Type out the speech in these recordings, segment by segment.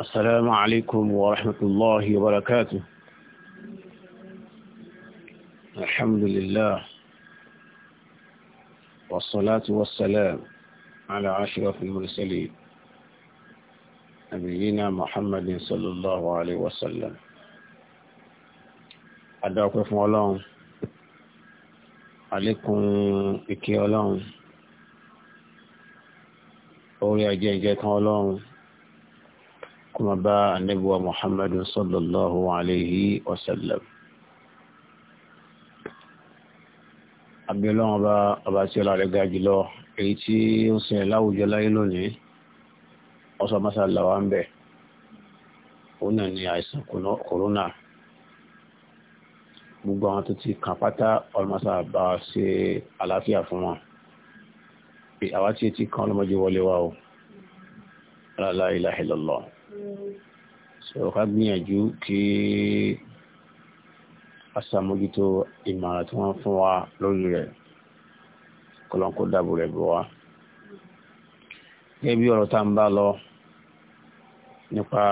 السلام عليكم ورحمة الله وبركاته الحمد لله والصلاة والسلام على أشرف المرسلين نبينا محمد صلى الله عليه وسلم أدعوك فún Ọlọ́run àlékún ìkẹ́ Ọlọ́run orí ajẹ́ ìjẹ́ كما باء النبوة محمد صلى الله عليه وسلم àbí ọlọ́run ọba ọba tí ọlá rẹ̀ ga jùlọ èyí tí ó sin láwùjọ láyé lónìí ọsọ mọ́sálà wa ń bẹ̀ ó náà ní àìsàn kòrónà gbogbo àwọn tó ti kàn pátá ọlọ́mọsá bá ṣe àlàáfíà fún wọn àwa tí etí kan ọlọ́mọdé wọlé wa o la ilaha illallah sọ̀rọ̀ ká gbìyànjú kí a ṣàmójútó ìmọ̀ràn tí wọ́n fún wa lórí rẹ̀ kọlọ́nkó dàbò rẹ̀ bọ̀ wá. gẹ́gẹ́ bí ọ̀rọ̀ tá ń bá lọ nípa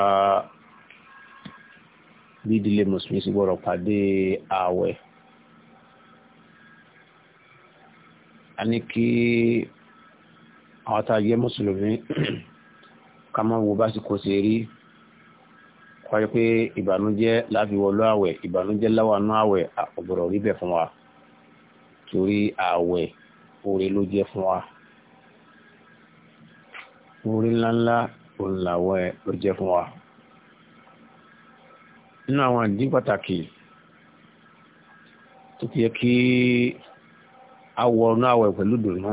bí ìdílé mùsùlùmí sì gbọ́dọ̀ pàdé ààwẹ̀. a ní kí àwọn tá a jẹ́ mùsùlùmí Kama má wo bá sì kó ṣe rí wáyé pé ìbànújẹ́ láfi wọlé àwẹ̀ ìbànújẹ́ láwàánú àwẹ̀ ọ̀gbọ̀rọ̀ rí bẹ̀ fún wa torí àwẹ̀ oore ló jẹ́ fún wa oore ńláńlá òun ló jẹ́ fún wa nínú àwọn ìdí pàtàkì tó ti yẹ kí a wọ inú pẹ̀lú dùnú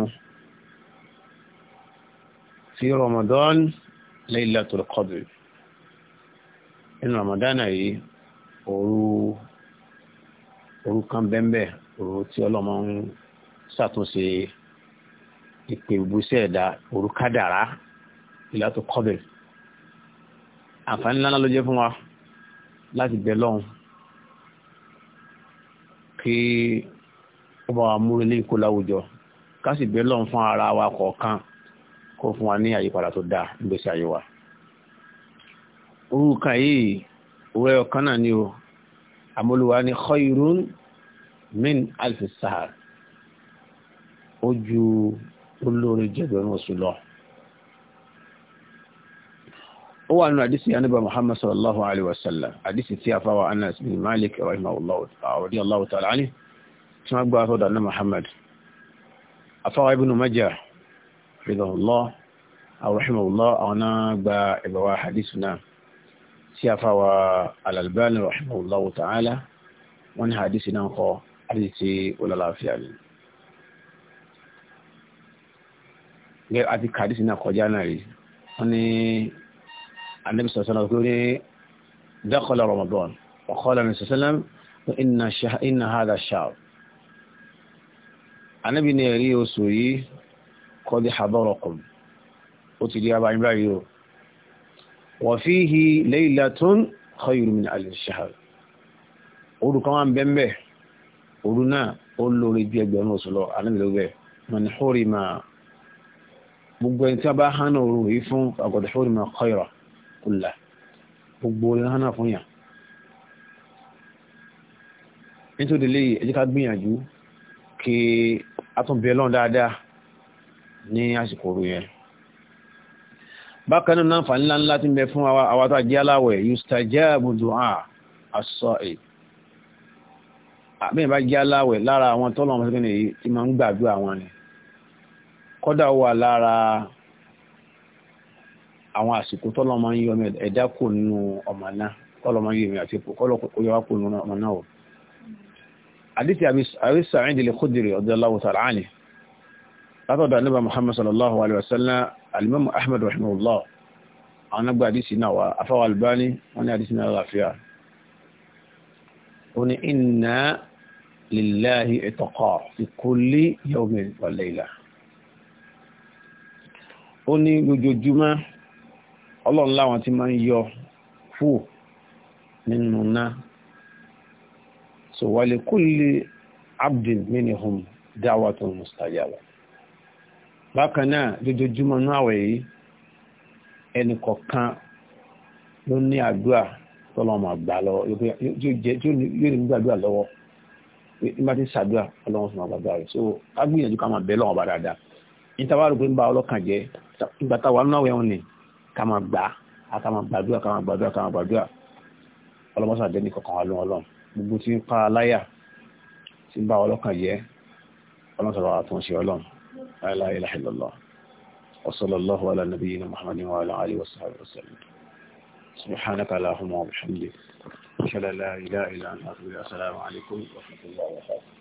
sí Ramadan Laylatul Qadr inú ramadana yìí òru òru kan bẹ́ẹ̀ òru tí ọlọ́mọ ń ṣàtúnṣe ìpè ìbúsẹ̀ ẹ̀dá òru kádàrá Laylatul Qadr àǹfààní ńlá ló jẹ́ fún wa láti bẹ lọ́hùn kí ó bá wa múlẹ̀ ní ìkó láwùjọ ká sì bẹ lọ́hùn fún ara wa kọ̀ọ̀kan kó fún wa ní àyípadà tó dáa nígbèsí ayé wa orúkà yìí òwe ọ̀kan náà ni o àmúlùwà ni khairun min alfi sahar ó ju olórí jẹgbẹ̀rún oṣù lọ ó wà nínú àdísì anábà muhammad sallallahu alaihi wasallam àdísì tí a fáwà anas bin malik rahimahullahu ta'ala ni tí wọ́n gbá fọ́dọ̀ anna muhammad afáwà ibn majah fìdọ̀lọ́ àwòrán àwọn náà gba ìgbàwà hadith náà tí a fáwà al-Albani rahimahullahu ta'ala wọ́n ní hadith náà kọ́ àdìsí olólàáfíà ni gẹ́gẹ́ àti hadith náà kọjá náà rí wọ́n ní النبي صلى الله عليه وسلم يقول kọ́lé àbọ̀rọ̀kùn ó ti di abáyé báyìí o wọ́n fi hi laylatun khayrun min alf shahr òru kan wà ń bẹ́ ń bẹ́ òru náà ó lórí bí ẹgbẹ̀rún oṣù lọ alẹ́mìlẹ́gbẹ̀ man hurima gbogbo ẹni tí a bá hánà òru yìí fún faqad hurima khayra kullah gbogbo orin hánà fún yàn nítorí lè ẹjẹ́ ká gbìyànjú kí a tún bẹ̀ lọ́n dáadáa ní àsìkò òru yẹn bákan náà fa ńlá ńlá tí ń bẹ fún àwa tó jẹ́ aláwẹ̀ yustajabu du'a as-sa'i àbẹ́yìn bá jẹ́ aláwẹ̀ lára àwọn tọ́lọ̀ ọmọ sẹ́kẹ́ni èyí tí máa ń gbàdúrà wọn ni kọ́dà wà lára àwọn àsìkò tọ́lọ̀ máa ń yọ ẹ̀dá kò nínú ọmọ náà kọ́lọ̀ ń yọ èmi àti kọ́lọ̀ kò yọ wá kò nínú ọmọ náà o àdìsí Abi Sa'id al-Khudri látọ̀dọ̀ àníbà muhammad sallallahu alaihi wasallam alimamu ahmed rahimahullah àwọn agbá àdísì náà wà afáwà albani wọ́n ní àdísì náà láfíà ó ní inna lillahi itaqa fi kulli yawmin wa layla ó ní lójoojúmọ́ ọlọ́run láwọn tí máa ń yọ fò nínú náà so wa li kulli abdin minhum da'watun mustajaba bákan náà lójoojúmọ́ inú àwẹ̀ yìí ẹnì kọ̀ọ̀kan ló ní àdúrà tọ́lọ́mọ àgbà lọ́wọ́ yóò ní gbàdúrà lọ́wọ́ nígbà tí sàdúrà ọlọ́run fún àgbàgbà rẹ̀ so a gbìyànjú ká máa bẹ̀ lọ́wọ́ bá dáadáa níta wàá rò pé ń ba ọlọ́kàn jẹ́ ìgbà táwa nínú àwẹ̀ wọn ni ká máa gbà á ká máa gbàdúrà ká máa gbàdúrà ká máa gbàdúrà ọlọ́mọsán àjẹ́ nìkan kan wà lóhun ọlọ́run gbogbo tí ń pa aláyà tí ń ba ọlọ́kàn jẹ́ ọlọ́run sọ̀rọ̀ àtúnṣe ọlọ́run لا إله إلا الله وصلى الله على نبينا محمد وعلى آله وصحبه وسلم سبحانك اللهم وبحمدك أشهد أن لا إله إلا أنت السلام عليكم ورحمة الله وبركاته